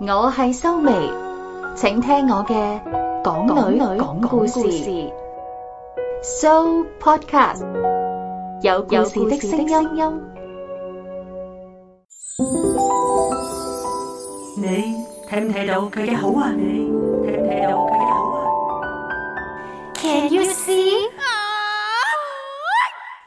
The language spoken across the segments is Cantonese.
我係修眉，請聽我嘅港女講故事，So Podcast 有故事的聲音音，你聽唔聽到佢嘅好啊？你聽唔聽到佢嘅好啊？Can you?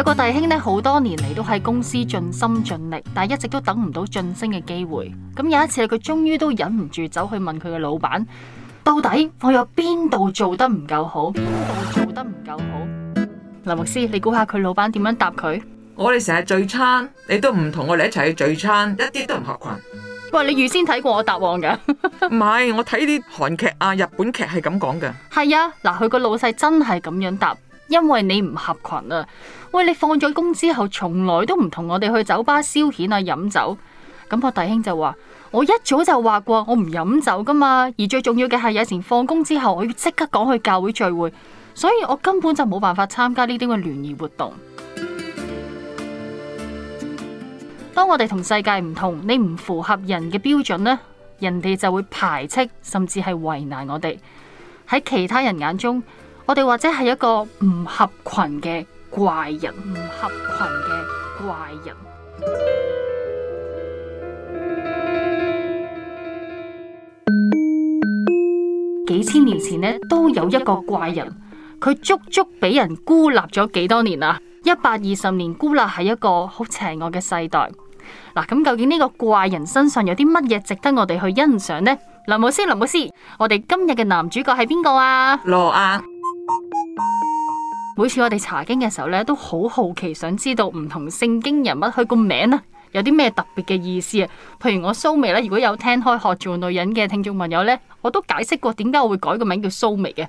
有個弟兄咧，好多年嚟都喺公司盡心盡力，但係一直都等唔到晉升嘅機會。咁有一次佢終於都忍唔住走去問佢嘅老闆：到底我有邊度做得唔夠好？邊度做得唔夠好？林牧師，你估下佢老闆點樣答佢？我哋成日聚餐，你都唔同我哋一齊去聚餐，一啲都唔合群。喂，你預先睇過我答案噶？唔 係，我睇啲韓劇啊、日本劇係咁講噶。係啊，嗱，佢個老細真係咁樣答。因為你唔合群啊！喂，你放咗工之後，從來都唔同我哋去酒吧消遣啊，飲酒。咁我弟兄就話：我一早就話過，我唔飲酒㗎嘛。而最重要嘅係，有時放工之後，我要即刻趕去教會聚會，所以我根本就冇辦法參加呢啲嘅聯誼活動。當我哋同世界唔同，你唔符合人嘅標準呢，人哋就會排斥，甚至係為難我哋。喺其他人眼中。我哋或者係一個唔合群嘅怪人，唔合群嘅怪人。幾千年前咧，都有一個怪人，佢足足俾人孤立咗幾多年啦、啊，一百二十年孤立喺一個好邪惡嘅世代。嗱，咁究竟呢個怪人身上有啲乜嘢值得我哋去欣賞呢？林牧師，林牧師，我哋今日嘅男主角係邊個啊？羅亞。每次我哋查經嘅時候咧，都好好奇，想知道唔同聖經人物佢個名咧，有啲咩特別嘅意思啊？譬如我蘇眉咧，如果有聽開學做女人嘅聽眾朋友咧，我都解釋過點解我會改個名叫蘇眉嘅。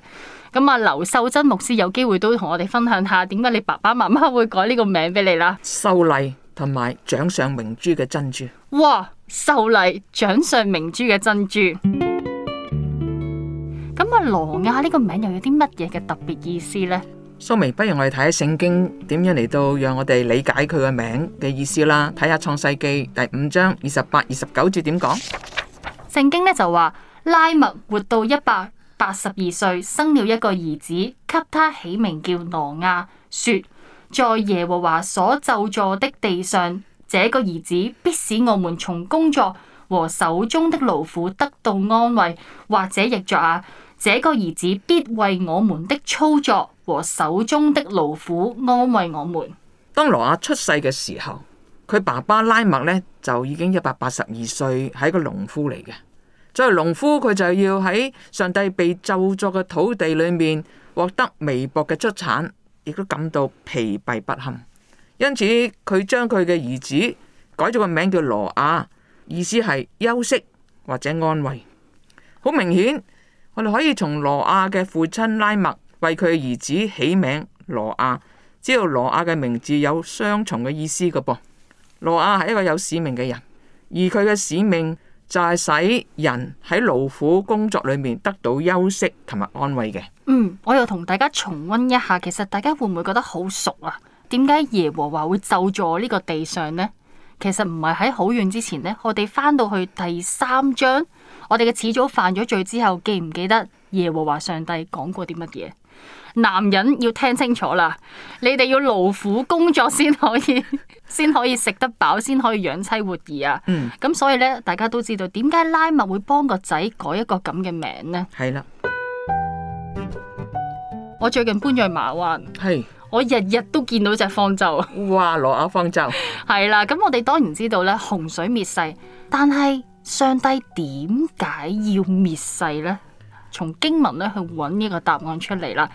咁啊，劉秀珍牧師有機會都同我哋分享下，點解你爸爸媽媽會改呢個名俾你啦？秀麗同埋掌上明珠嘅珍珠。哇！秀麗掌上明珠嘅珍珠。咁啊，羅亞呢個名又有啲乜嘢嘅特別意思咧？蘇眉，so、my, 不如我哋睇下聖經點樣嚟到讓我哋理解佢個名嘅意思啦。睇下創世記第五章二十八、二十九節點講。聖經呢就話，拉麥活到一百八十二歲，生了一個兒子，給他起名叫挪亞，說在耶和華所就座的地上，這個兒子必使我們從工作和手中的勞苦得到安慰，或者譯作啊。這個兒子必為我們的操作和手中的勞苦安慰我們。當羅亞出世嘅時候，佢爸爸拉麥呢就已經一百八十二歲，係一個農夫嚟嘅。作為農夫，佢就要喺上帝被咒作嘅土地裏面獲得微薄嘅出產，亦都感到疲憊不堪。因此，佢將佢嘅兒子改咗個名叫羅亞，意思係休息或者安慰。好明顯。我哋可以從羅亞嘅父親拉麥為佢嘅兒子起名羅亞，知道羅亞嘅名字有雙重嘅意思嘅噃。羅亞係一個有使命嘅人，而佢嘅使命就係使人喺勞苦工作裏面得到休息同埋安慰嘅。嗯，我又同大家重溫一下，其實大家會唔會覺得好熟啊？點解耶和華會就坐呢個地上呢？其實唔係喺好遠之前呢，我哋翻到去第三章。我哋嘅始祖犯咗罪之後，記唔記得耶和華上帝講過啲乜嘢？男人要聽清楚啦，你哋要勞苦工作先可以，先 可以食得飽，先可以養妻活兒啊。嗯，咁所以呢，大家都知道點解拉麥會幫個仔改一個咁嘅名呢？係啦的，我最近搬咗去馬灣，係的我日日都見到隻方舟。哇，諾亞方舟係啦，咁 我哋當然知道咧，洪水滅世，但係。上帝點解要滅世呢？從經文咧去揾呢個答案出嚟啦。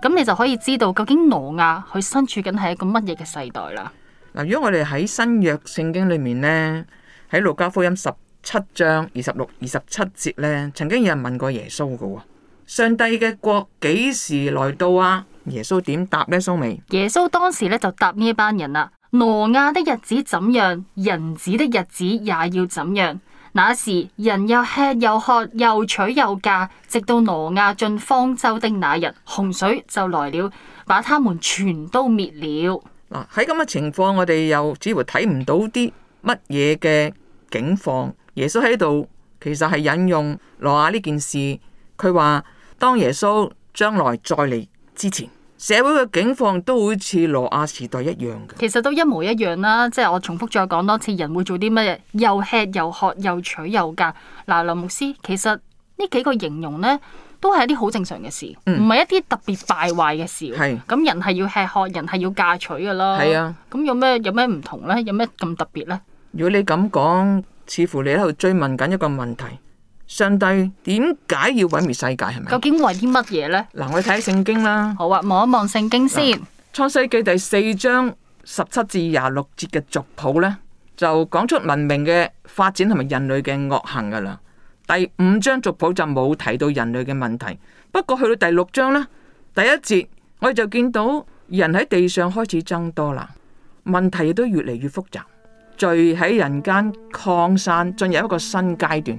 咁你就可以知道究竟挪亞佢身處緊係一個乜嘢嘅世代啦。嗱，如果我哋喺新約聖經裏面呢，喺路加福音十七章二十六二十七節呢，曾經有人問過耶穌噶，上帝嘅國幾時來到啊？耶穌點答呢？蘇美。耶穌當時咧就答呢一班人啦。挪亞的日子怎樣，人子的日子也要怎樣。那時人又吃又喝又娶又嫁，直到挪亞進方舟的那日，洪水就來了，把他們全都滅了。嗱、啊，喺咁嘅情況，我哋又似乎睇唔到啲乜嘢嘅境況。耶穌喺度，其實係引用挪亞呢件事，佢話當耶穌將來再嚟之前。社會嘅境況都好似挪亞時代一樣嘅，其實都一模一樣啦。即係我重複再講多次，人會做啲乜嘢？又吃又喝又娶又嫁。嗱，林牧師，其實呢幾個形容呢，都係一啲好正常嘅事，唔係、嗯、一啲特別敗壞嘅事。係咁是，人係要吃喝，人係要嫁娶噶啦。係啊，咁有咩有咩唔同呢？有咩咁特別呢？如果你咁講，似乎你喺度追問緊一個問題。上帝點解要毀滅世界？係咪？究竟為啲乜嘢呢？嗱，我哋睇下聖經啦。好啊，望一望聖經先。創世紀第四章十七至廿六節嘅族譜呢，就講出文明嘅發展同埋人類嘅惡行噶啦。第五章族譜就冇提到人類嘅問題，不過去到第六章呢，第一節我哋就見到人喺地上開始增多啦，問題亦都越嚟越複雜，聚喺人間擴散，進入一個新階段。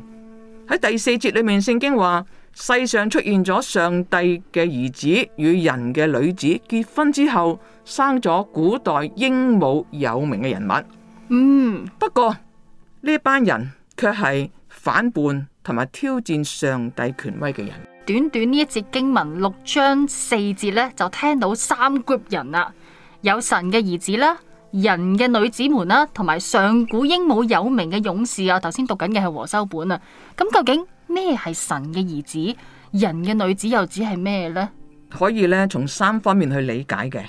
喺第四節裏面，聖經話世上出現咗上帝嘅兒子與人嘅女子結婚之後，生咗古代英武有名嘅人物。嗯，不過呢班人卻係反叛同埋挑戰上帝權威嘅人。短短呢一節經文六章四節咧，就聽到三 group 人啦，有神嘅兒子啦。人嘅女子們啦，同埋上古英武有名嘅勇士啊，頭先讀緊嘅係和修本啊。咁究竟咩係神嘅兒子？人嘅女子又指係咩呢？可以呢，從三方面去理解嘅。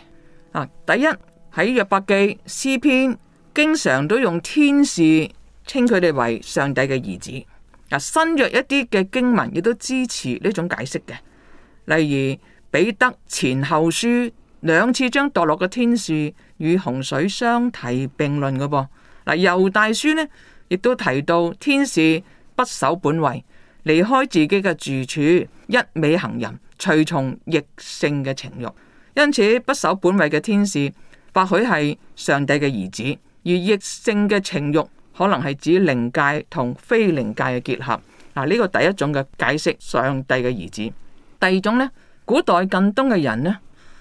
啊，第一喺約伯記詩篇，經常都用天使稱佢哋為上帝嘅兒子。啊，新約一啲嘅經文亦都支持呢種解釋嘅。例如彼得前後書兩次將墮落嘅天使，與洪水相提並論嘅噃，嗱，猶大書呢亦都提到天使不守本位，離開自己嘅住處，一味行淫，隨從逆性嘅情欲。因此，不守本位嘅天使，或許係上帝嘅兒子；而逆性嘅情欲，可能係指靈界同非靈界嘅結合。嗱，呢個第一種嘅解釋，上帝嘅兒子；第二種呢，古代近東嘅人呢，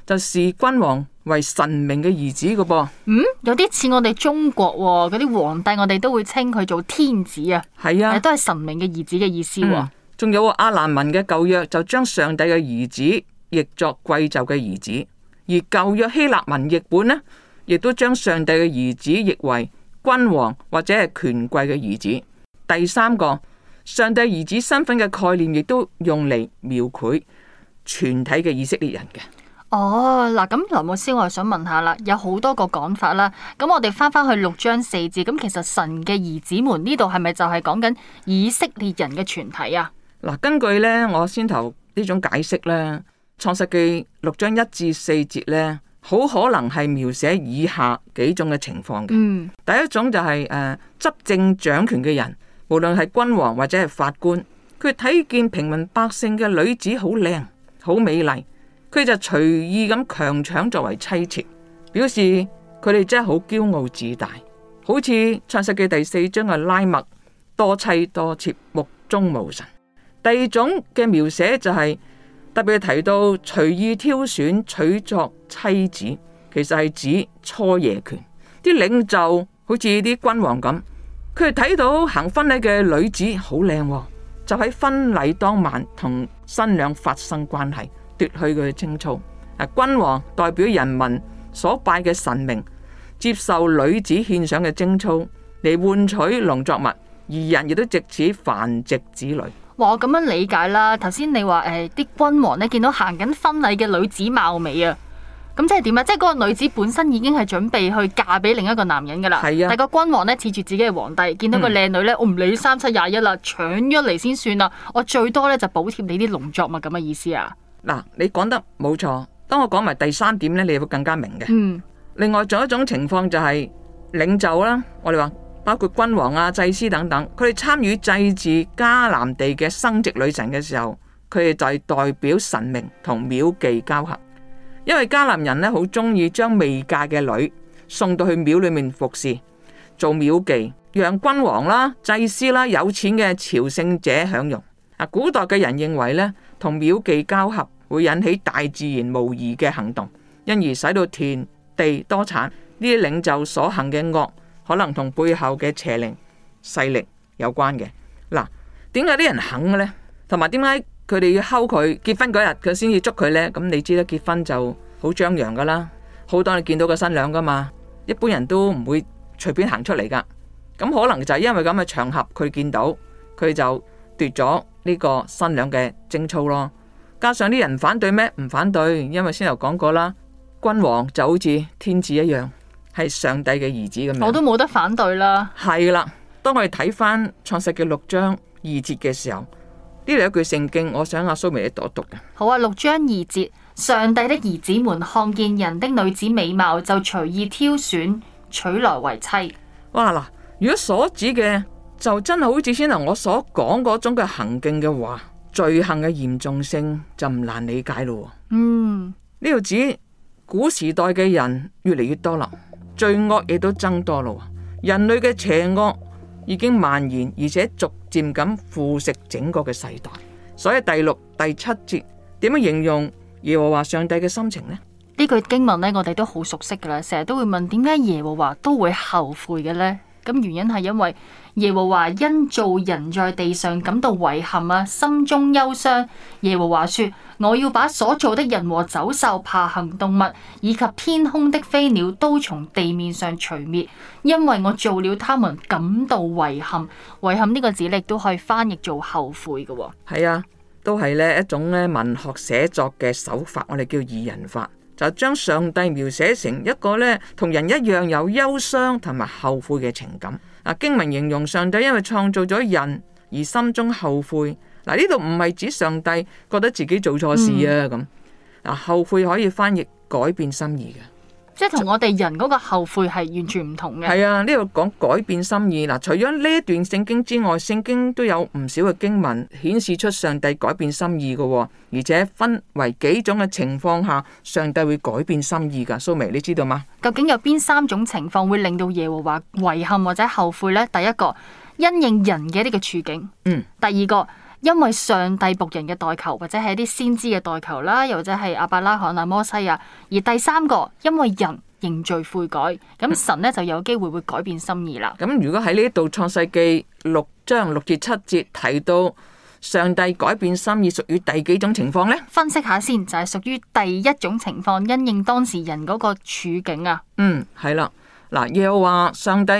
就視、是、君王。為神明嘅兒子個噃，嗯，有啲似我哋中國嗰啲皇帝，我哋都會稱佢做天子啊，係啊，都係神明嘅兒子嘅意思。仲，嗯，有阿蘭文嘅舊約就將上帝嘅兒子譯作貴胄嘅兒子，而舊約希臘文譯本呢，亦都將上帝嘅兒子譯為君王或者係權貴嘅兒子。第三個，上帝兒子身份嘅概念亦都用嚟描繪全體嘅以色列人嘅。哦，嗱，咁羅牧師，我又想問下啦，有好多個講法啦，咁我哋翻翻去六章四節，咁其實神嘅兒子們呢度係咪就係講緊以色列人嘅全體啊？嗱，根據呢，我先頭呢種解釋呢，《創世記》六章一至四節呢，好可能係描寫以下幾種嘅情況嘅。嗯，mm. 第一種就係誒執政掌權嘅人，無論係君王或者係法官，佢睇見平民百姓嘅女子好靚，好美麗。佢就隨意咁強搶作為妻妾，表示佢哋真係好驕傲自大，好似《創世記》第四章嘅拉麥，多妻多妾，目中無神。第二種嘅描寫就係、是、特別提到隨意挑選娶作妻子，其實係指初夜權。啲領袖好似啲君王咁，佢哋睇到行婚禮嘅女子好靚，哦，就喺婚禮當晚同新娘發生關係。奪去佢嘅貞操，啊，君王代表人民所拜嘅神明，接受女子獻上嘅貞操嚟，換取農作物，而人亦都借此繁殖子女。我咁樣理解啦。頭先你話誒，啲、哎、君王咧見到行緊婚禮嘅女子貌美啊，咁即係點啊？即係嗰個女子本身已經係準備去嫁俾另一個男人噶啦，係啊。但個君王咧恃住自己嘅皇帝，見到個靚女咧，嗯、我唔理三七廿一啦，搶咗嚟先算啦。我最多咧就補貼你啲農作物咁嘅意思啊。嗱，你講得冇錯。當我講埋第三點呢，你又會更加明嘅。嗯，另外仲有一種情況就係領袖啦，我哋話包括君王啊、祭司等等，佢哋參與祭祀迦南地嘅生殖女神嘅時候，佢哋就係代表神明同廟妓交合。因為迦南人呢好中意將未嫁嘅女送到去廟裏面服侍，做廟妓，讓君王啦、啊、祭司啦、啊、有錢嘅朝聖者享用。古代嘅人認為呢。同廟妓交合會引起大自然無疑嘅行動，因而使到田地多產。呢啲領袖所行嘅惡，可能同背後嘅邪靈勢力有關嘅。嗱，點解啲人肯嘅呢？同埋點解佢哋要溝佢，結婚嗰日佢先至捉佢呢。咁你知啦，結婚，結婚就好張揚噶啦，好多你見到個新娘噶嘛，一般人都唔會隨便行出嚟噶。咁可能就係因為咁嘅場合，佢見到，佢就奪咗。呢個新娘嘅貞操咯，加上啲人反對咩？唔反對，因為先頭講過啦，君王就好似天子一樣，係上帝嘅兒子咁樣，我都冇得反對啦。係啦，當我哋睇翻創世嘅六章二節嘅時候，呢度有句聖經，我想阿、啊、蘇眉一讀一讀嘅。好啊，六章二節，上帝的兒子們看見人的女子美貌，就隨意挑選娶來為妻。哇嗱，如果所指嘅。就真係好似先頭我所講嗰種嘅行徑嘅話，罪行嘅嚴重性就唔難理解咯。嗯，呢條指古時代嘅人越嚟越多啦，罪惡亦都增多啦。人類嘅邪惡已經蔓延，而且逐漸咁腐蝕整個嘅世代。所以第六、第七節點樣形容耶和華上帝嘅心情呢？呢句經文呢，我哋都好熟悉噶啦，成日都會問「點解耶和華都會後悔嘅呢？」咁原因係因為。耶和華因造人在地上感到遺憾啊，心中憂傷。耶和華說：我要把所造的人和走獸、爬行動物以及天空的飛鳥都從地面上除滅，因為我造了他們感到遺憾。遺憾呢個字，你都可以翻譯做後悔嘅。係啊，都係呢一種咧文學寫作嘅手法，我哋叫擬人法，就將上帝描寫成一個呢同人一樣有憂傷同埋後悔嘅情感。啊經文形容上帝因為創造咗人而心中後悔，嗱，呢度唔係指上帝覺得自己做錯事啊咁，啊、嗯、後悔可以翻譯改變心意嘅。即係同我哋人嗰個後悔係完全唔同嘅。係啊，呢度講改變心意嗱，除咗呢一段聖經之外，聖經都有唔少嘅經文顯示出上帝改變心意嘅，而且分為幾種嘅情況下，上帝會改變心意噶。蘇眉，你知道嗎？究竟有邊三種情況會令到耶和華遺憾或者後悔咧？第一個因應人嘅呢個處境。嗯。第二個。因為上帝僕人嘅代求，或者係一啲先知嘅代求啦，又或者係亞伯拉罕啊、摩西啊，而第三個因為人認罪悔改，咁神呢就有機會會改變心意啦。咁、嗯、如果喺呢度創世記六章六至七節提到上帝改變心意，屬於第幾種情況呢？分析下先，就係屬於第一種情況，因應當事人嗰個處境啊。嗯，係啦，嗱，又話上帝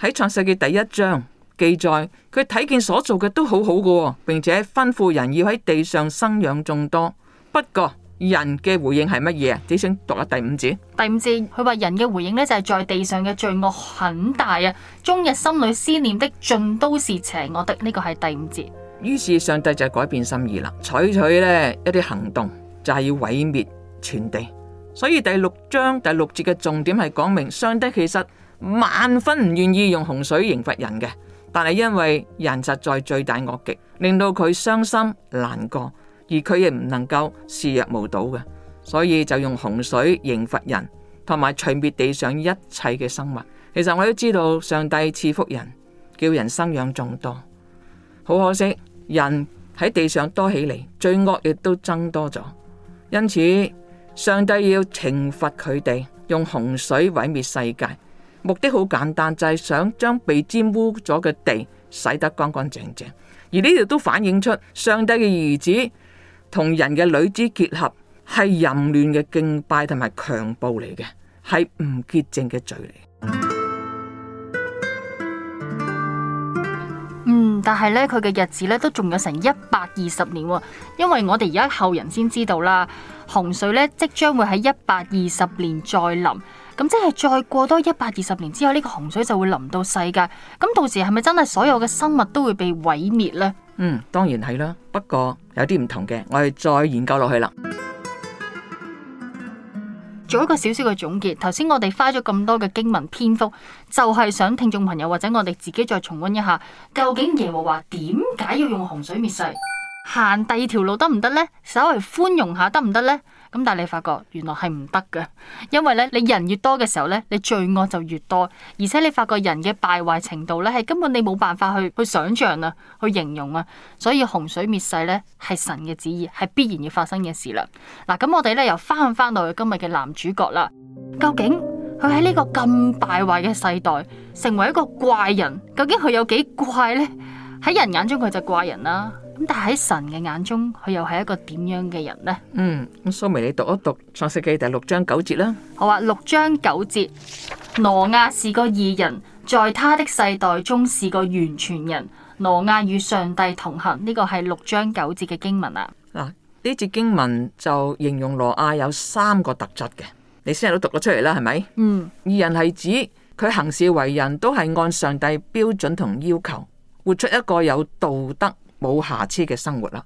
喺創世記第一章。記載佢睇見所做嘅都好好嘅，並且吩咐人要喺地上生養眾多。不過人嘅回應係乜嘢？只想讀下第五節。第五節佢話人嘅回應呢，就係在地上嘅罪惡很大啊，終日心裏思念的盡都是邪惡的。呢、呢個係第五節。於是上帝就改變心意啦，採取呢一啲行動，就係要毀滅全地。所以第六章第六節嘅重點係講明上帝其實萬分唔願意用洪水刑罰人嘅。但係因為人實在罪大惡極，令到佢傷心難過，而佢亦唔能夠視若無睹，所以就用洪水刑罰人，同埋除滅地上一切嘅生物。其實我都知道上帝賜福人，叫人生養眾多，好可惜人喺地上多起嚟，罪惡亦都增多咗，因此上帝要懲罰佢哋，用洪水毀滅世界。目的好簡單，就係想將被沾污咗嘅地洗得乾乾淨淨。而呢度都反映出上帝嘅兒子同人嘅女子結合係淫亂嘅敬拜同埋強暴嚟嘅，係唔潔淨嘅罪嚟。嗯，但係呢，佢嘅日子呢都仲有成一百二十年喎，因為我哋而家後人先知道啦，洪水呢即將會喺一百二十年再臨。咁即係再過多一百二十年之後，呢、這個洪水就會臨到世界。咁到時係咪真係所有嘅生物都會被毀滅呢？嗯，當然係啦。不過有啲唔同嘅，我哋再研究落去啦。做一個小小嘅總結。頭先我哋花咗咁多嘅經文篇幅，就係、是、想聽眾朋友或者我哋自己再重溫一下，究竟耶和華點解要用洪水滅世？行第二條路得唔得呢？稍微寬容下得唔得呢？咁但係你發覺原來係唔得㗎，因為咧你人越多嘅時候咧，你罪惡就越多，而且你發覺人嘅敗壞程度咧，係根本你冇辦法去去想象啊，去形容啊，所以洪水滅世咧係神嘅旨意，係必然要發生嘅事啦。嗱，咁我哋咧又翻翻到去今日嘅男主角啦，究竟佢喺呢個咁敗壞嘅世代成為一個怪人，究竟佢有幾怪呢？喺人眼中佢就怪人啦，咁但係喺神嘅眼中佢又係一個點樣嘅人呢？嗯，蘇眉你讀一讀創世記第六章九節啦。好啊，六章九節，挪亞是個義人，在他的世代中是個完全人。挪亞與上帝同行，呢、這個係六章九節嘅經文啦、啊。嗱、啊，呢節經文就形容挪亞有三個特質嘅，你先日都讀咗出嚟啦，係咪？嗯，義人係指佢行事為人，都係按上帝標準同要求。活出一個有道德、冇瑕疵嘅生活啦。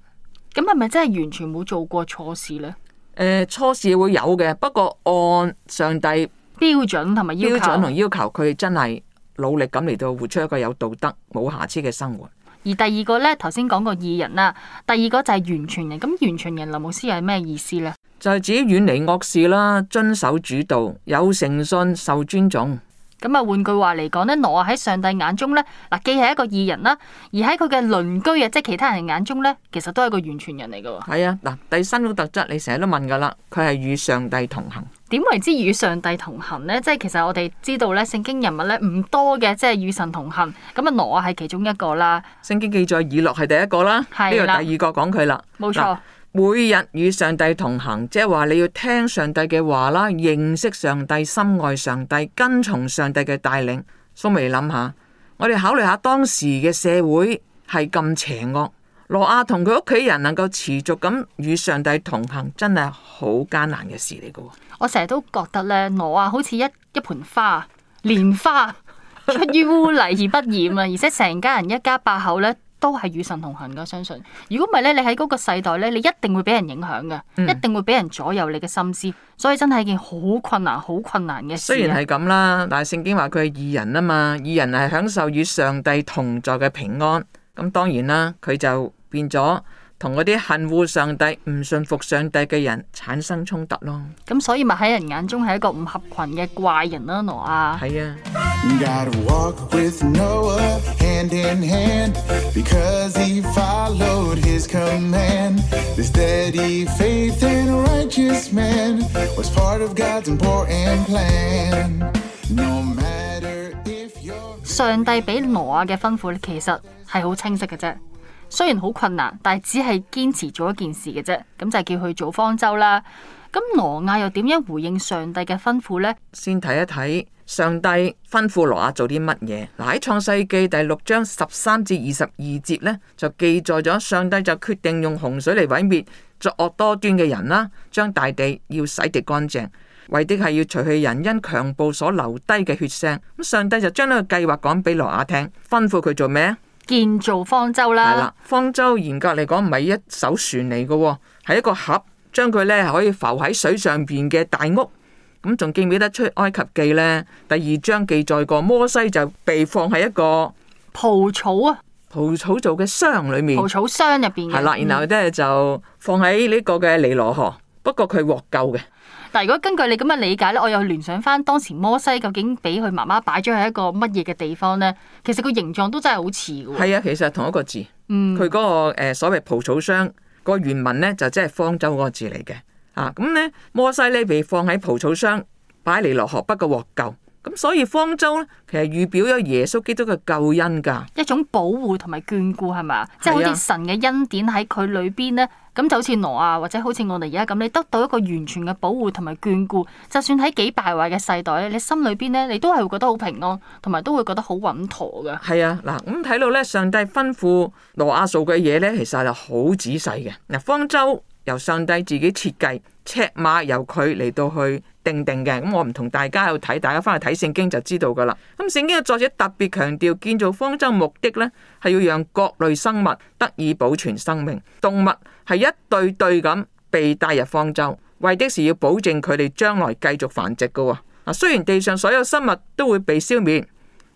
咁係咪真係完全冇做過錯事呢？誒、呃，錯事會有嘅，不過按上帝標準同埋標準同要求，佢真係努力咁嚟到活出一個有道德、冇瑕疵嘅生活。而第二個呢，頭先講過義人啦，第二個就係完全人。咁完全人，林牧師又係咩意思呢？就係自己遠離惡事啦，遵守主道，有誠信，受尊重。咁啊，換句話嚟講咧，挪啊喺上帝眼中咧，嗱既係一個義人啦，而喺佢嘅鄰居啊，即係其他人眼中咧，其實都係個完全人嚟噶。係啊，嗱第三種特質，你成日都問噶啦，佢係與上帝同行。點為之與上帝同行咧？即係其實我哋知道咧，聖經人物咧唔多嘅，即係與神同行。咁啊，挪啊係其中一個啦。聖經記載以諾係第一個啦，呢的個第二個講佢啦。冇錯錯。每日與上帝同行，即係話你要聽上帝嘅話啦，認識上帝、深愛上帝、跟從上帝嘅帶領。都眉諗下，我哋考慮下當時嘅社會係咁邪惡，羅亞同佢屋企人能夠持續咁與上帝同行，真係好艱難嘅事嚟噶。我成日都覺得咧，羅亞好似一一盆花，蓮花出於污泥而不染啊， 而且成家人一家八口咧。都係與神同行噶，相信如果唔係咧，你喺嗰個世代咧，你一定會俾人影響嘅，嗯、一定會俾人左右你嘅心思，所以真係一件好困難、好困難嘅事。雖然係咁啦，但係聖經話佢係義人啊嘛，義人係享受與上帝同在嘅平安，咁當然啦，佢就變咗。同嗰啲恨惡上帝、唔信服上帝嘅人產生衝突咯。咁所以咪喺人眼中係一個唔合群嘅怪人啦，挪亞。係啊。上帝俾挪亞嘅吩咐，其實係好清晰嘅啫。雖然好困難，但係只係堅持做一件事嘅啫，咁就叫佢做方舟啦。咁挪亞又點樣回應上帝嘅吩咐呢？先睇一睇上帝吩咐挪亞做啲乜嘢。嗱，喺創世紀第六章十三至二十二節呢，就記載咗上帝就決定用洪水嚟毀滅作惡多端嘅人啦，將大地要洗滌乾淨，為的係要除去人因強暴所留低嘅血腥。咁上帝就將呢個計劃講俾挪亞聽，吩咐佢做咩？建造方舟啦，係啦，方舟嚴格嚟講唔係一艘船嚟嘅。哦，係一個盒，將佢咧可以浮喺水上邊嘅大屋。咁仲記唔記得出埃及記咧？第二章記載過，摩西就被放喺一個蒲草啊，蒲草做嘅箱裏面，蒲草箱入邊係啦。然後咧就放喺呢個嘅尼羅河，不過佢獲救嘅。嗱，但如果根據你咁嘅理解咧，我又聯想翻當時摩西究竟俾佢媽媽擺咗喺一個乜嘢嘅地方咧？其實個形狀都真係好似㗎喎。係啊，其實同一個字。嗯。佢嗰個誒所謂蒲草箱個原文咧就即係方舟嗰個字嚟嘅。啊，咁咧摩西呢，被放喺蒲草箱擺嚟落河，不過獲救。咁所以方舟咧，其實預表咗耶穌基督嘅救恩噶，一種保護同埋眷顧係咪？即係好似神嘅恩典喺佢裏邊咧，咁、啊、就好似挪亞或者好似我哋而家咁，你得到一個完全嘅保護同埋眷顧，就算喺幾敗壞嘅世代咧，你心裏邊咧，你都係會覺得好平安，同埋都會覺得好穩妥嘅。係啊，嗱，咁睇到咧，上帝吩咐挪亞數嘅嘢咧，其實係好仔細嘅。嗱，方舟。由上帝自己設計尺碼，由佢嚟到去定定嘅。咁我唔同大家去睇，大家返去睇聖經就知道噶啦。咁聖經嘅作者特別強調，建造方舟的目的呢係要讓各類生物得以保存生命。動物係一對對咁被帶入方舟，為的是要保證佢哋將來繼續繁殖噶。啊，雖然地上所有生物都會被消滅，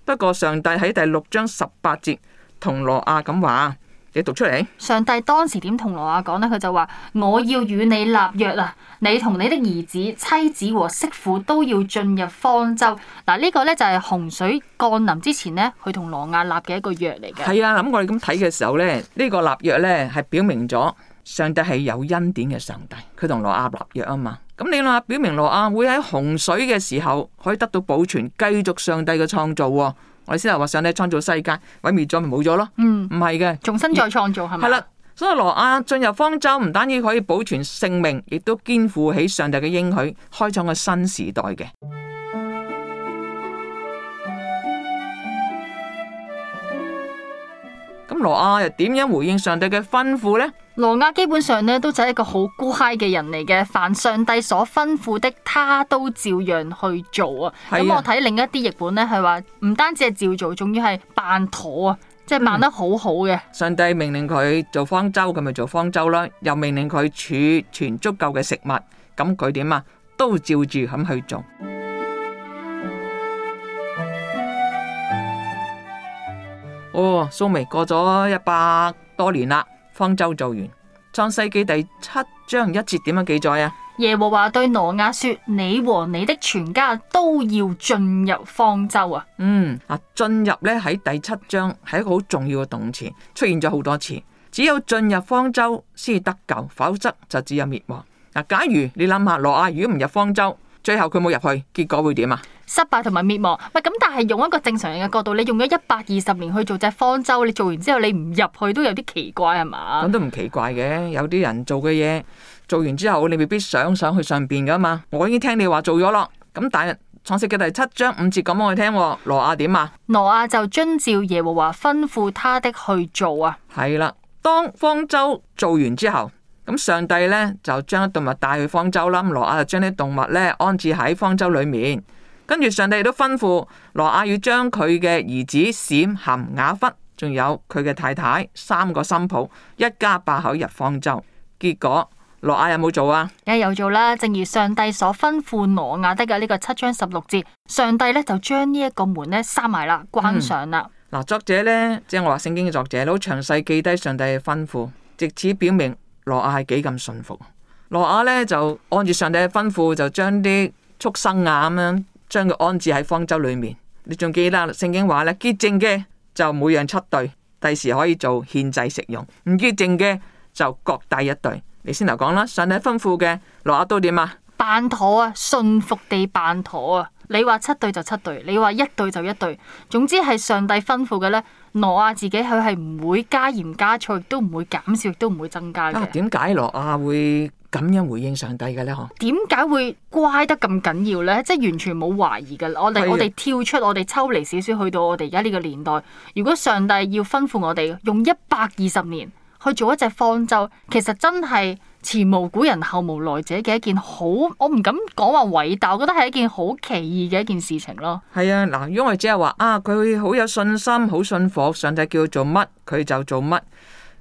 不過上帝喺第六章十八節同羅亞咁話。你讀出嚟？上帝當時點同挪亞講呢？佢就話：我要與你立約啊！你同你的兒子、妻子和媳婦都要進入方舟。嗱，呢個呢，就係洪水降臨之前呢，佢同挪亞立嘅一個約嚟嘅。係啊，咁我哋咁睇嘅時候呢，呢個立約呢，係表明咗上帝係有恩典嘅上帝，佢同挪亞立約啊嘛。咁你話表明挪亞會喺洪水嘅時候可以得到保存，繼續上帝嘅創造。我先話，上帝創造世界，毀滅咗咪冇咗咯？嗯，唔係嘅，重新再創造係咪？係啦而，所以羅亞進入方舟，唔單止可以保存性命，亦都肩負起上帝嘅應許，開創個新時代嘅。咁羅亞又點樣回應上帝嘅吩咐呢？挪亞基本上咧都就係一個好高 h 嘅人嚟嘅，凡上帝所吩咐的，他都照樣去做啊。咁我睇，另一啲譯本呢係話唔單止係照做，仲要係辦妥啊，即係辦得好好嘅，嗯。上帝命令佢做方舟，佢咪做方舟啦。又命令佢儲存足夠嘅食物，咁佢點啊？都照住咁去做。哦，蘇眉過咗一百多年啦。方舟做完創世紀第七章一節點樣記載啊？耶和華對挪亞說：你和你的全家都要進入方舟啊！嗯，嗱進入咧喺第七章係一個好重要嘅動詞，出現咗好多次。只有進入方舟先得救，否則就只有滅亡。嗱，假如你諗下挪亞如果唔入方舟。最後佢冇入去，結果會點啊？失敗同埋滅亡，唔係咁，但係用一個正常人嘅角度，你用咗一百二十年去做隻方舟，你做完之後你唔入去都有啲奇怪係嘛？咁都唔奇怪嘅，有啲人做嘅嘢，做完之後，你未必想上去上邊噶嘛？我已經聽你話做咗咯，咁第創世記第七章五節講俾我聽，羅亞點啊？羅亞就遵照耶和華吩咐他的去做啊。係啦，當方舟做完之後。咁上帝呢，就將動物帶去方舟啦。咁羅亞就將啲動物呢安置喺方舟裏面，跟住上帝都吩咐羅亞要將佢嘅兒子閃含雅弗，仲有佢嘅太太三個新抱，一家八口入方舟。結果羅亞有冇做啊？哎，有做啦。正如上帝所吩咐羅亞得嘅呢個七章十六節，上帝呢就將呢一個門呢閂埋啦，關上啦。嗱、嗯啊，作者呢，即係我話聖經嘅作者，都詳細記低上帝嘅吩咐，借此表明。羅亞係幾咁信服，羅亞呢就按住上帝嘅吩咐，就將啲畜生啊咁樣將佢安置喺方舟裏面。你仲記得聖經話呢，潔淨嘅就每樣七對，第時可以做獻祭食用；唔潔淨嘅就各帶一對。你先頭講啦，上帝吩咐嘅羅亞都點啊？辦妥啊，信服地辦妥啊。你話七對就七對，你話一對就一對，總之係上帝吩咐嘅呢，挪亞自己佢係唔會加鹽加醋，亦都唔會減少，亦都唔會增加嘅。點解挪亞會咁樣回應上帝嘅咧？嗬？點解會乖得咁緊要咧？即係完全冇懷疑嘅。我哋的我哋跳出我哋抽離少少去到我哋而家呢個年代，如果上帝要吩咐我哋用一百二十年去做一隻方舟，其實真係。前無古人後無來者嘅一件好，我唔敢講話偉大，我覺得係一件好奇異嘅一件事情咯。係啊，嗱，如果我只係話啊，佢好有信心，好信服，上帝叫佢做乜佢就做乜，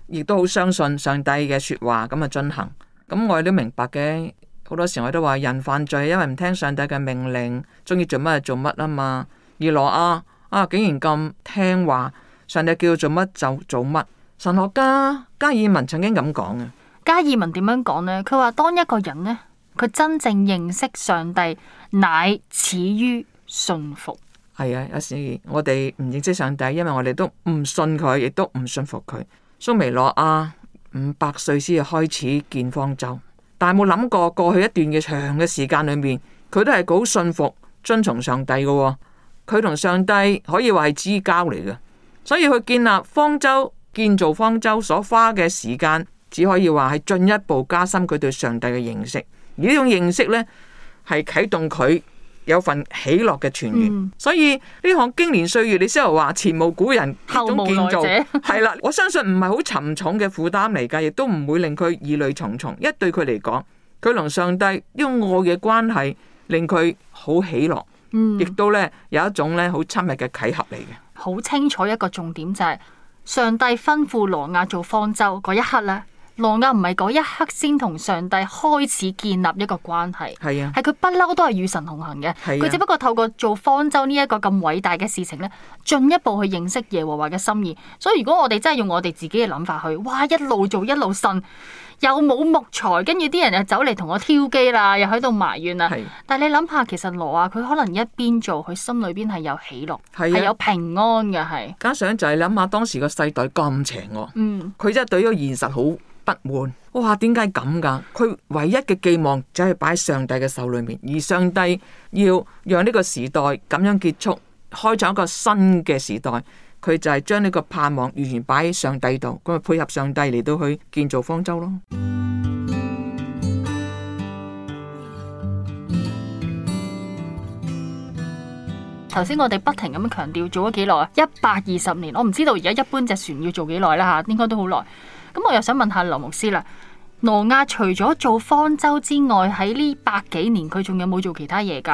亦都好相信上帝嘅說話咁啊進行。咁，嗯，我哋都明白嘅。好多時我哋都話人犯罪因為唔聽上帝嘅命令，中意做乜就做乜啊嘛。而羅亞啊，竟然咁聽話，上帝叫佢做乜就做乜。神學家加爾文曾經咁講嘅。加爾文點樣講呢？佢話當一個人呢，佢真正認識上帝，乃始於信服。係啊，有時我哋唔認識上帝，因為我哋都唔信佢，亦都唔信服佢。蘇梅諾阿五百歲先開始建方舟，但係冇諗過過去一段嘅長嘅時間裏面，佢都係好信服、遵從上帝㗎喎。佢同上帝可以話係知交嚟嘅，所以佢建立方舟、建造方舟所花嘅時間。只可以話係進一步加深佢對上帝嘅認識，而呢種認識呢，係啟動佢有份喜樂嘅泉源。嗯、所以呢項經年歲月，你先頭話前無古人建造，後無來者，係 啦。我相信唔係好沉重嘅負擔嚟噶，亦都唔會令佢疑慮重重，一為對佢嚟講，佢同上帝因愛嘅關係令佢好喜樂，亦、嗯、都呢有一種呢好親密嘅契合嚟嘅。好、嗯、清楚一個重點就係上帝吩咐挪亞做方舟嗰一刻呢。挪亞唔係嗰一刻先同上帝開始建立一個關係，係啊，係佢不嬲都係與神同行嘅，佢、啊、只不過透過做方舟呢一個咁偉大嘅事情咧，進一步去認識耶和華嘅心意。所以如果我哋真係用我哋自己嘅諗法去，哇一路做一路呻，又冇木材，跟住啲人又走嚟同我挑機啦，又喺度埋怨啦。但係你諗下，其實挪亞佢可能一邊做，佢心裏邊係有喜樂，係、啊、有平安嘅，係。加上就係諗下當時個世代咁邪，嗯，佢真係對於現實好不滿，我話點解咁噶？佢唯一嘅寄望就係擺喺上帝嘅手裏面，而上帝要讓呢個時代咁樣結束，開創一個新嘅時代，佢就係將呢個盼望完全擺喺上帝度，咁咪配合上帝嚟到去建造方舟咯。頭先我哋不停咁樣強調，做咗幾耐，一百二十年，我唔知道而家一般隻船要做幾耐啦吓，應該都好耐。咁我又想問下羅牧師啦，挪亞除咗做方舟之外，喺呢百幾年佢仲有冇做其他嘢㗎？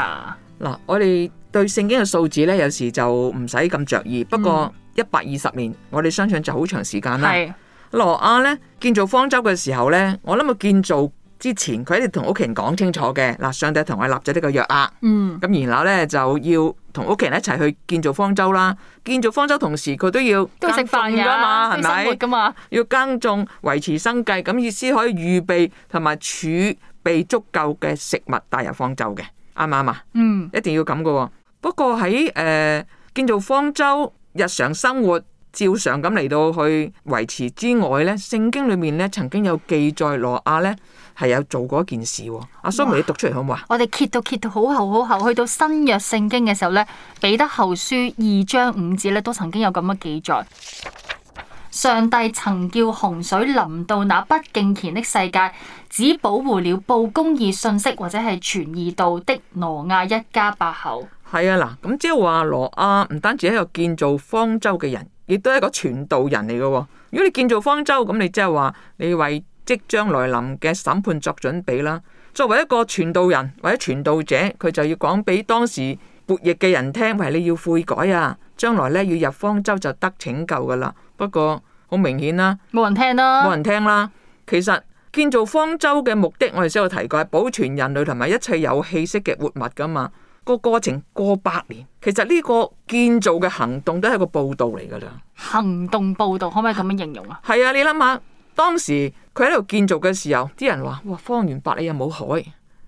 嗱，我哋對聖經嘅數字咧，有時就唔使咁着意。不過一百二十年，我哋相信就好長時間啦。係挪亞咧建造方舟嘅時候咧，我諗佢建造之前，佢哋同屋企人講清楚嘅嗱，上帝同我立咗呢個約啊。嗯，咁然後咧就要。同屋企人一齊去建造方舟啦，建造方舟同時佢都要都食飯噶嘛，係咪？噶嘛，要耕種維持生計，咁意思可以預備同埋儲備足夠嘅食物帶入方舟嘅，啱唔啱嘛？嗯，一定要咁噶、哦。不過喺誒、呃、建造方舟日常生活照常咁嚟到去維持之外咧，聖經裏面咧曾經有記載羅亞咧。係有做過一件事、啊，阿蘇梅，哇 你讀出嚟好唔好啊？我哋揭到揭到好厚好厚，去到新約聖經嘅時候呢，彼得後書二章五節咧都曾經有咁嘅記載。上帝曾叫洪水臨到那不敬虔的世界，只保護了報公義信息或者係傳義道的羅亞一家八口。係啊，嗱，咁即係話羅亞唔單止係一個建造方舟嘅人，亦都係一個傳道人嚟嘅、啊。如果你建造方舟，咁你即係話你為即將來臨嘅審判作準備啦。作為一個傳道人或者傳道者，佢就要講俾當時悖逆嘅人聽，喂、哎，你要悔改啊，將來咧要入方舟就得拯救噶啦。不過好明顯啦，冇人聽啦，冇人聽啦。其實建造方舟嘅目的，我哋先有提過係保存人類同埋一切有氣息嘅活物噶嘛。個過程過百年，其實呢個建造嘅行動都係個報道嚟噶啦。行動報道可唔可以咁樣形容啊？係 啊，你諗下。當時佢喺度建造嘅時候，啲人話：哇，方圓百里又冇海，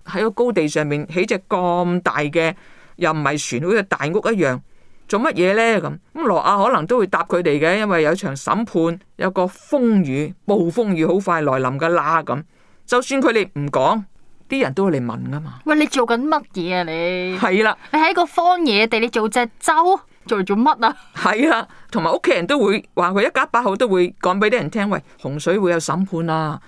喺個高地上面起隻咁大嘅，又唔係船，好似大屋一樣，做乜嘢呢？咁，咁羅亞可能都會答佢哋嘅，因為有場審判，有個風雨暴風雨好快來臨噶啦咁。就算佢哋唔講，啲人都會嚟問啊嘛。喂，你做緊乜嘢啊？你係啦，的你喺個荒野地，你做隻舟。做做乜啊？係啊，同埋屋企人都會話佢一家八口都會講俾啲人聽，喂，洪水會有審判啊，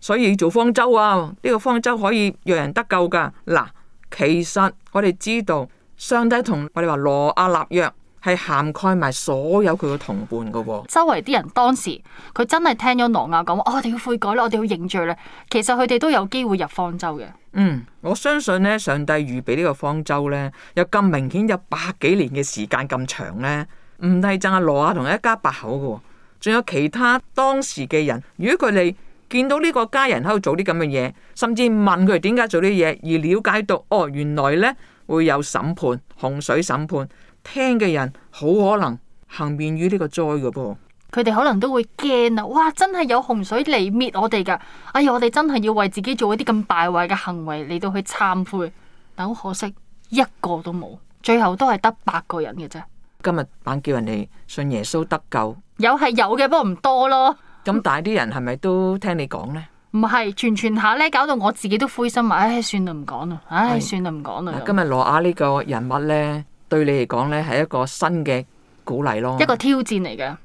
所以做方舟啊，呢、這個方舟可以讓人得救噶。嗱，其實我哋知道，上帝同我哋話羅阿立約。係涵蓋埋所有佢嘅同伴噶。哦，周圍啲人當時佢真係聽咗挪亞講，我哋要悔改咧，我哋要認罪咧。其實佢哋都有機會入方舟嘅。嗯，我相信咧，上帝預備呢個方舟咧，有咁明顯有百幾年嘅時間咁長咧，唔單止阿挪亞同一家八口噶。哦，仲有其他當時嘅人。如果佢哋見到呢個家人喺度做啲咁嘅嘢，甚至問佢點解做啲嘢，而了解到哦，原來咧會有審判，洪水審判。聽嘅人好可能幸免於呢個災嘅噃，佢哋可能都會驚啊！哇，真係有洪水嚟滅我哋噶！哎呀，我哋真係要為自己做一啲咁敗壞嘅行為嚟到去懺悔，但好可惜一個都冇，最後都係得八個人嘅啫。今日版叫人哋信耶穌得救，有係有嘅，不過唔多咯。咁但係啲人係咪都聽你講呢？唔係，傳傳下咧，搞到我自己都灰心啊！唉，算啦，唔講啦，唉，是算啦，唔講啦。是今日羅亞呢個人物咧。對你嚟講咧，係一個新嘅鼓勵咯，一個挑戰嚟嘅。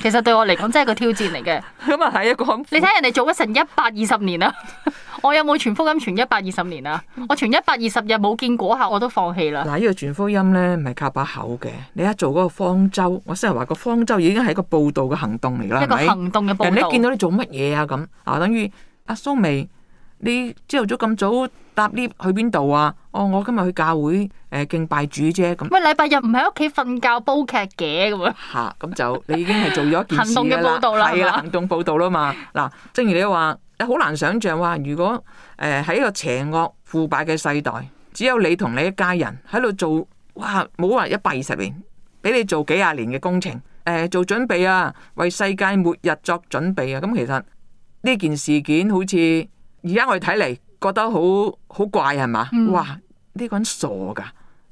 其實對我嚟講，真係個挑戰嚟嘅。咁啊，係一個你睇人哋做咗成一百二十年啦， 我有冇傳福音傳一百二十年啊？ 我傳一百二十日冇見果效，我都放棄啦。嗱，呢個傳福音咧，唔係靠把口嘅。你一做嗰個方舟，我先係話個方舟已經係一個布道嘅行動嚟啦，係咪？一個行動嘅布道。人哋見到你做乜嘢啊？咁啊，等於阿蘇眉。啊你朝頭早咁早搭 lift 去邊度啊？哦，我今日去教會誒敬拜主啫。咁，喂，禮拜日唔喺屋企瞓覺煲劇嘅咁啊？吓，咁就你已經係做咗一件行動嘅報道啦，係啦，行動報道啦嘛。嗱，正如你話，你好難想象話，如果誒喺一個邪惡腐敗嘅世代，只有你同你一家人喺度做哇，冇話一百二十年俾你做幾廿年嘅工程誒，做準備啊，為世界末日作準備啊。咁其實呢件事件好似。而家我哋睇嚟覺得好好怪係嘛？嗯、哇！呢、呢個人傻噶，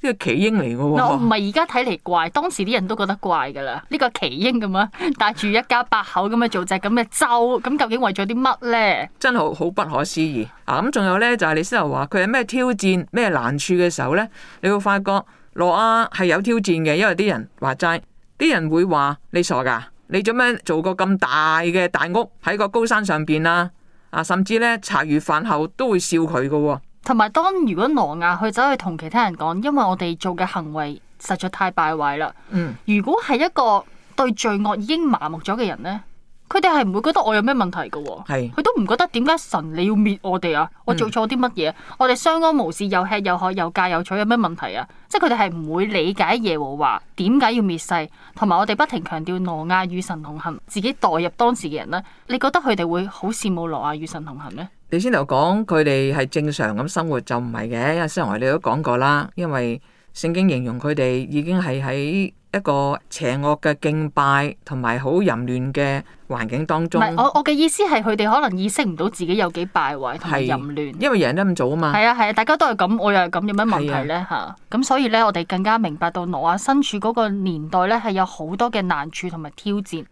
呢個奇英嚟噶。我唔係而家睇嚟怪，當時啲人都覺得怪噶啦。呢、呢個奇英咁樣帶住一家八口咁樣做隻咁嘅舟，咁究竟為咗啲乜呢？真係好好不可思議啊！咁仲有呢，就係、是、你先後話佢係咩挑戰、咩難處嘅時候呢，你會發覺羅亞係有挑戰嘅，因為啲人話齋，啲人會話你傻噶，你做咩做個咁大嘅大屋喺個高山上邊啊？啊，甚至咧茶餘飯後都會笑佢㗎喎，同埋當如果挪亞去走去同其他人講，因為我哋做嘅行為實在太敗壞啦。嗯，如果係一個對罪惡已經麻木咗嘅人呢？佢哋係唔會覺得我有咩問題噶。哦，佢是都唔覺得，點解神你要滅我哋啊？嗯、我做錯啲乜嘢？我哋相安無事，又吃又喝，又嫁又娶，有咩問題啊？即係佢哋係唔會理解耶和華點解要滅世，同埋我哋不停強調挪亞與神同行，自己代入當時嘅人咧，你覺得佢哋會好羨慕挪亞與神同行咩？你先頭講佢哋係正常咁生活就唔係嘅，阿斯文我哋都講過啦，因為。聖經形容佢哋已經係喺一個邪惡嘅敬拜同埋好淫亂嘅環境當中。唔係，我我嘅意思係佢哋可能意識唔到自己有幾敗壞同埋淫亂。因為人人都咁早啊嘛。係啊係啊，大家都係咁，我又係咁，有咩問題咧嚇？咁、啊啊、所以咧，我哋更加明白到羅亞身處嗰個年代咧，係有好多嘅難處同埋挑戰。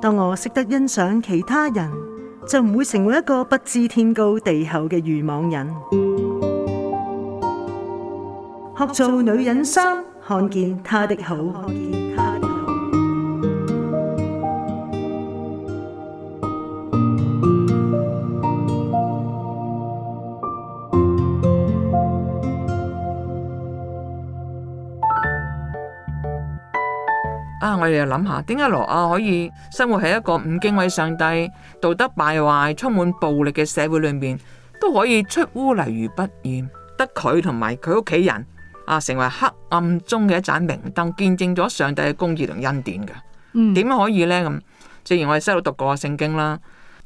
當我識得欣賞其他人，就唔會成為一個不知天高地厚嘅愚妄人。學做女人心，看見他的好啊！我哋又諗下，點解羅亞可以生活喺一個唔敬畏上帝道德敗壞、充滿暴力嘅社會裏面，都可以出污泥而不染？得佢同埋佢屋企人。啊！成為黑暗中嘅一盞明燈，見證咗上帝嘅公義同恩典嘅，點、嗯、可以呢？咁，正如我哋細路讀過聖經啦，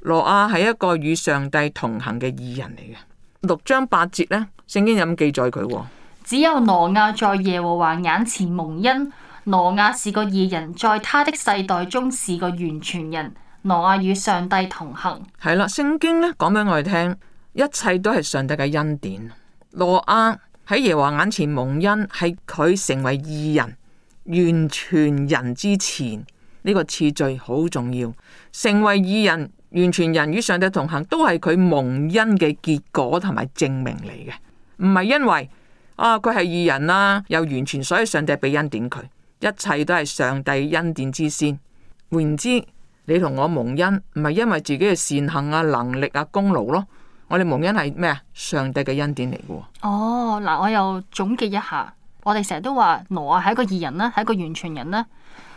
挪亞係一個與上帝同行嘅義人嚟嘅。六章八節呢，聖經有咁記載佢：只有挪亞在耶和華眼前蒙恩。挪亞是個義人，在他的世代中是個完全人。挪亞與上帝同行。係啦，聖經呢講俾我哋聽，一切都係上帝嘅恩典。挪亞。喺耶和華眼前蒙恩，喺佢成為義人、完全人之前，呢個次序好重要。成為義人、完全人與上帝同行，都係佢蒙恩嘅結果同埋證明嚟嘅，唔係因為啊佢係義人啦，又完全，所以上帝俾恩典佢，一切都係上帝恩典之先。換言之，你同我蒙恩，唔係因為自己嘅善行啊、能力啊、功勞咯。我哋蒙恩係咩啊？上帝嘅恩典嚟嘅。哦，嗱，哦，我又總結一下，我哋成日都話羅亞係一個義人啦，係一個完全人啦，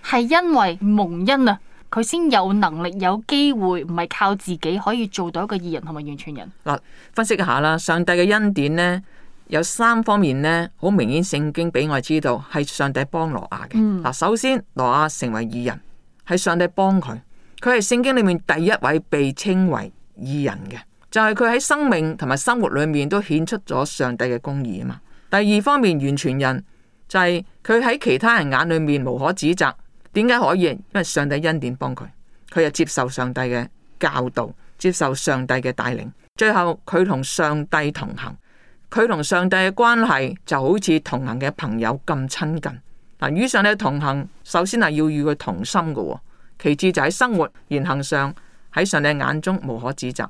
係因為蒙恩啊，佢先有能力有機會，唔係靠自己可以做到一個義人同埋完全人嗱。分析一下啦，上帝嘅恩典呢，有三方面呢，好明顯，聖經俾我知道係上帝幫羅亞嘅嗱。嗯。首先，羅亞成為義人係上帝幫佢，佢係聖經裏面第一位被稱為義人嘅。就係佢喺生命同埋生活裏面都顯出咗上帝嘅公義啊嘛。第二方面，完全人就係佢喺其他人眼裏面無可指責。點解可以？因為上帝恩典幫佢，佢又接受上帝嘅教導，接受上帝嘅帶領。最後佢同上帝同行，佢同上帝嘅關係就好似同行嘅朋友咁親近嗱。與、啊、上帝同行，首先係要與佢同心㗎、哦，其次就喺生活言行上喺上帝眼中無可指責。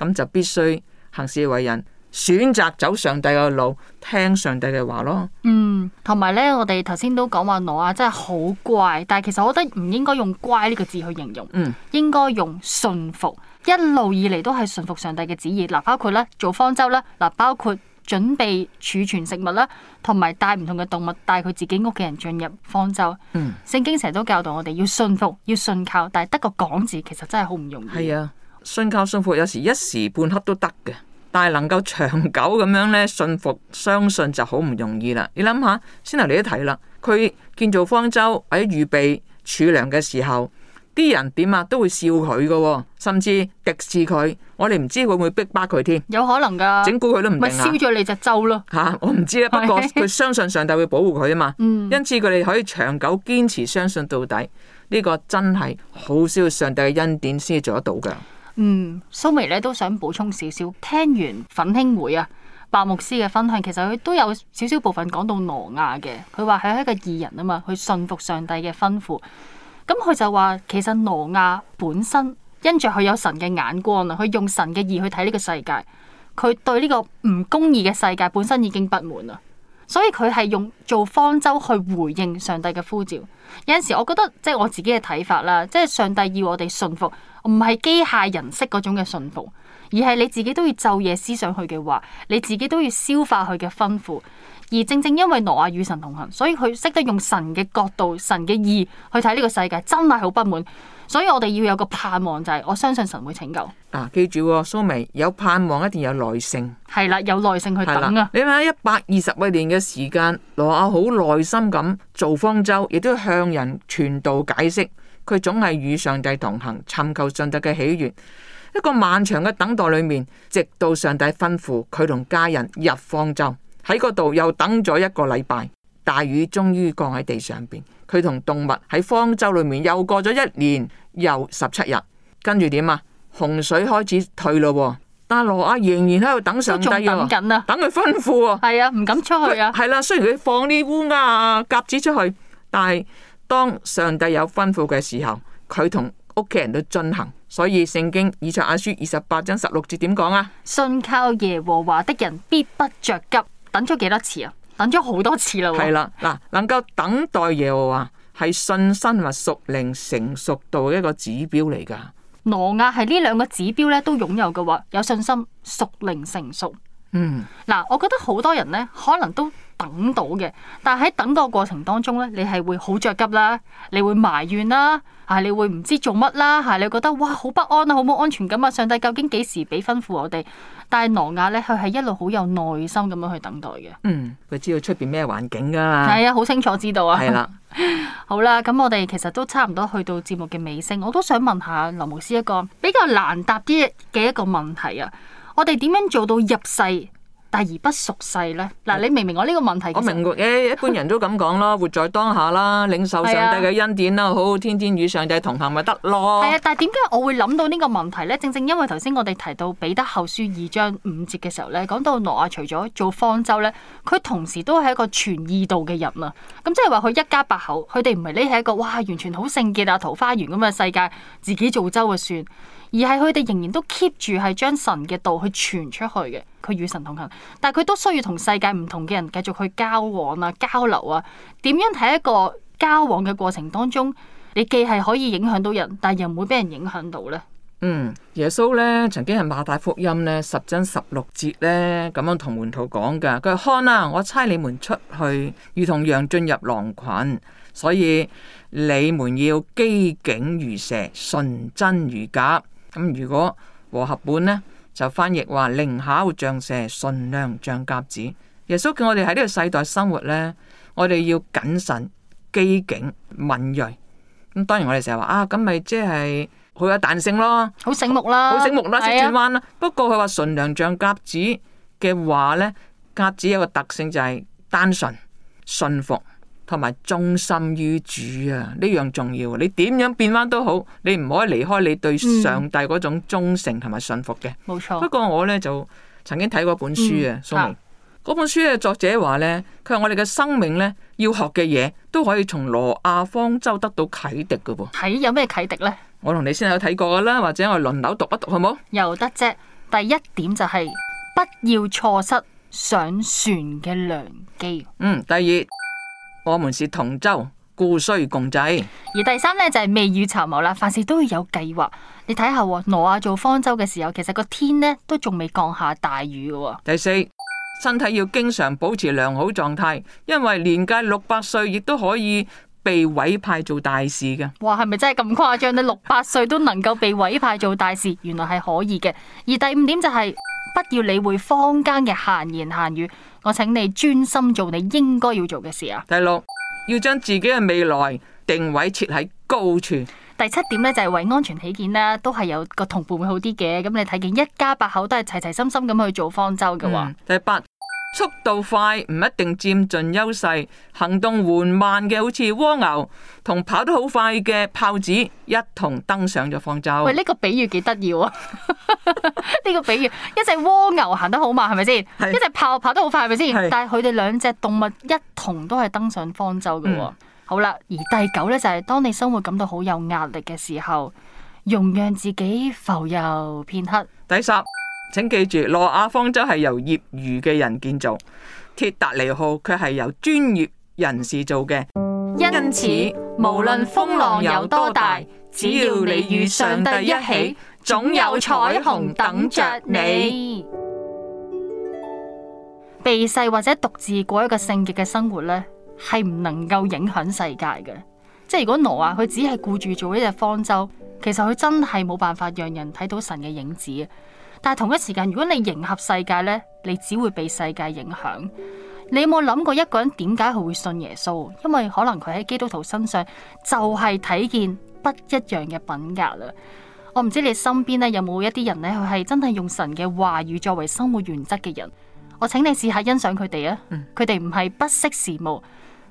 咁就必須行事為人，選擇走上帝嘅路，聽上帝嘅話咯。嗯，同埋咧，我哋頭先都講話我啊，真係好乖，但係其實我覺得唔應該用乖呢個字去形容，嗯，應該用順服。一路以嚟都係順服上帝嘅旨意，嗱、啊，包括咧做方舟啦，嗱、啊，包括準備儲存食物啦，啊、帶同埋帶唔同嘅動物帶佢自己屋企人進入方舟。嗯，聖經成日都教導我哋要順服，要信靠，但係得個講字，其實真係好唔容易。係、嗯、啊。信靠信服，有時一時半刻都得嘅，但係能夠長久咁樣咧信服相信就好唔容易啦。你諗下先，頭你都提啦，佢建造方舟或者預備儲糧嘅時候，啲人點啊，都會笑佢嘅，哦，甚至敵視佢。我哋唔知會唔會逼巴佢添，有可能噶，整蠱佢都唔定啊。燒咗你隻舟咯吓，我唔知啦。不過佢相信上帝會保護佢啊嘛。 嗯、因此佢哋可以長久堅持相信到底。呢、這個真係好少上帝嘅恩典先做得到嘅。嗯，蘇眉咧都想補充少少。聽完奮興會啊，白牧師嘅分享，其實佢都有少少部分講到挪亞嘅。佢話係一個義人啊嘛，佢信服上帝嘅吩咐。咁佢就話，其實挪亞本身因着佢有神嘅眼光啊，佢用神嘅義去睇呢個世界，佢對呢個唔公義嘅世界本身已經不滿啦。所以佢係用做方舟去回應上帝嘅呼召。有陣時我覺得即係我自己嘅睇法啦，即係上帝要我哋信服，唔係機械人式嗰種嘅信服，而係你自己都要晝夜思想佢嘅話，你自己都要消化佢嘅吩咐。而正正因為挪亞與神同行，所以佢識得用神嘅角度、神嘅意去睇呢個世界，真係好不滿。所以我哋要有個盼望，就係我相信神會拯救。嗱、啊，記住、哦，蘇眉有盼望一定有耐性。係啦，有耐性去等啊！你睇下一百二十幾年嘅時間，挪亞好耐心咁做方舟，亦都向人傳道解釋。佢總係與上帝同行，尋求上帝嘅喜悅。一個漫長嘅等待裏面，直到上帝吩咐佢同家人入方舟，喺嗰度又等咗一個禮拜。大雨終於降喺地上邊，佢同動物喺方舟裏面又過咗一年又十七日，跟住點啊？洪水開始退咯，但羅亞仍然喺度等上帝喎，等緊啊，等佢吩咐喎。係啊，唔敢出去啊。係啦、啊，雖然佢放啲烏鴉啊、鴿子出去，但係當上帝有吩咐嘅時候，佢同屋企人都進行。所以聖經以賽亞書二十八章十六節點講啊？信靠耶和華的人必不着急，等咗幾多次啊？等咗好多次啦，係啦，嗱，能夠等待嘅話係信心同埋屬靈成熟度一個指標嚟㗎，挪亞係呢兩個指標咧都擁有嘅話，有信心、屬靈成熟，嗯，嗱，我覺得好多人呢可能都等到嘅，但係喺等到過程當中呢，你係會好着急啦，你會埋怨啦。係、啊、你會唔知做乜啦，係、啊、你覺得哇好不安啊，好冇安全感啊！上帝究竟幾時俾吩咐我哋？但係挪亞咧，佢係一路好有耐心咁樣去等待嘅。嗯，佢知道出邊咩環境噶嘛？係啊，好清楚知道啊。係啦的， 好啦，咁我哋其實都差唔多去到節目嘅尾聲，我都想問下林牧師一個比較難答啲嘅一個問題啊。我哋點樣做到入世？但而不屬世咧，嗱，你明唔明我呢個問題？我明嘅、欸，一般人都咁講咯， 活在當下啦，領受上帝嘅恩典啦，好，好天天與上帝同行咪得咯。係啊，但係點解我會諗到呢個問題咧？正正因為頭先我哋提到彼得後書二章五節嘅時候咧，講到挪亞除咗做方舟咧，佢同時都係一個傳義道嘅人啊！咁即係話佢一家八口，佢哋唔係匿喺一個哇，完全好聖潔啊桃花源咁嘅世界，自己做舟就算。而係佢哋仍然都 keep 住係將神嘅道去傳出去嘅，佢與神同行，但係佢都需要同世界唔同嘅人繼續去交往啊、交流啊。點樣喺一個交往嘅過程當中，你既係可以影響到人，但又唔會俾人影響到呢？嗯，耶穌呢曾經係馬太福音呢，十章十六節呢，咁樣同門徒講噶，佢話看啊，ana，我差你們出去，如同羊進入狼群，所以你們要機警如蛇，純真如鴿。咁如果和合本咧，就翻譯話靈巧像蛇，純良像鴿子。耶穌叫我哋喺呢個世代生活咧，我哋要謹慎機警敏銳。咁當然我哋成日話啊，咁咪即係好有彈性咯，好醒目啦，好醒目啦，識轉彎啦。啊、不過佢話純良像鴿子嘅話咧，鴿子有個特性就係單純順服。同埋忠心於主啊，呢樣重要。你點樣變翻都好，你唔可以離開你對上帝嗰種忠誠同埋信服嘅。冇錯，嗯。不過我呢，就曾經睇過本書啊，本書嘅作者話呢，佢話我哋嘅生命呢，要學嘅嘢都可以從挪亞方舟得到啟迪噶噃。睇有咩啟迪呢？我同你先有睇過啦，或者我輪流讀一讀好冇？又得啫。第一點就係不要錯失上船嘅良機。嗯，第二。我們是同舟，故須共濟。而第三咧就係、是、未雨綢繆啦，凡事都要有計劃。你睇下，挪亞做方舟嘅時候，其實個天咧都仲未降下大雨嘅。第四，身體要經常保持良好狀態，因為年屆六百歲亦都可以被委派做大事嘅。哇，係咪真係咁誇張？你六百歲都能夠被委派做大事，原來係可以嘅。而第五點就係、是、不要理會坊間嘅閒言閒語。我請你專心做你應該要做嘅事啊！第六，要將自己嘅未來定位設喺高處。第七點呢就係為安全起見啦，都係有個同伴會好啲嘅。咁你睇見一家八口都係齊齊心心咁去做方舟嘅話。第八，速度快唔一定佔盡優勢，行動緩慢嘅好似蝸牛，同跑得好快嘅豹子一同登上咗方舟。喂，呢個比喻幾得意啊！呢 個比喻，一隻蝸牛行得好慢係咪先？是是是一隻豹跑得好快係咪先？是是是但係佢哋兩隻動物一同都係登上方舟嘅、哦。嗯、好啦，而第九呢，就係、是、當你生活感到好有壓力嘅時候，容讓自己浮游片刻。第十，請記住，諾亞方舟係由業餘嘅人建造，鐵達尼號佢係由專業人士做嘅，因此無論風浪有多大，只要你與上帝一起。總有彩虹等着你。避世或者獨自過一個聖潔嘅生活呢，係唔能夠影響世界嘅。即係如果挪亞，佢只係顧住做一隻方舟，其實佢真係冇辦法讓人睇到神嘅影子。但係同一時間，如果你迎合世界呢，你只會被世界影響。你有冇諗過一個人點解佢會信耶穌？因為可能佢喺基督徒身上就係睇見不一樣嘅品格啦。我唔知你身邊咧有冇一啲人咧，佢係真係用神嘅話語作為生活原則嘅人。我請你試下欣賞佢哋啊，佢哋唔係不識時務，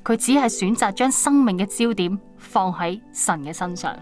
佢只係選擇將生命嘅焦點放喺神嘅身上。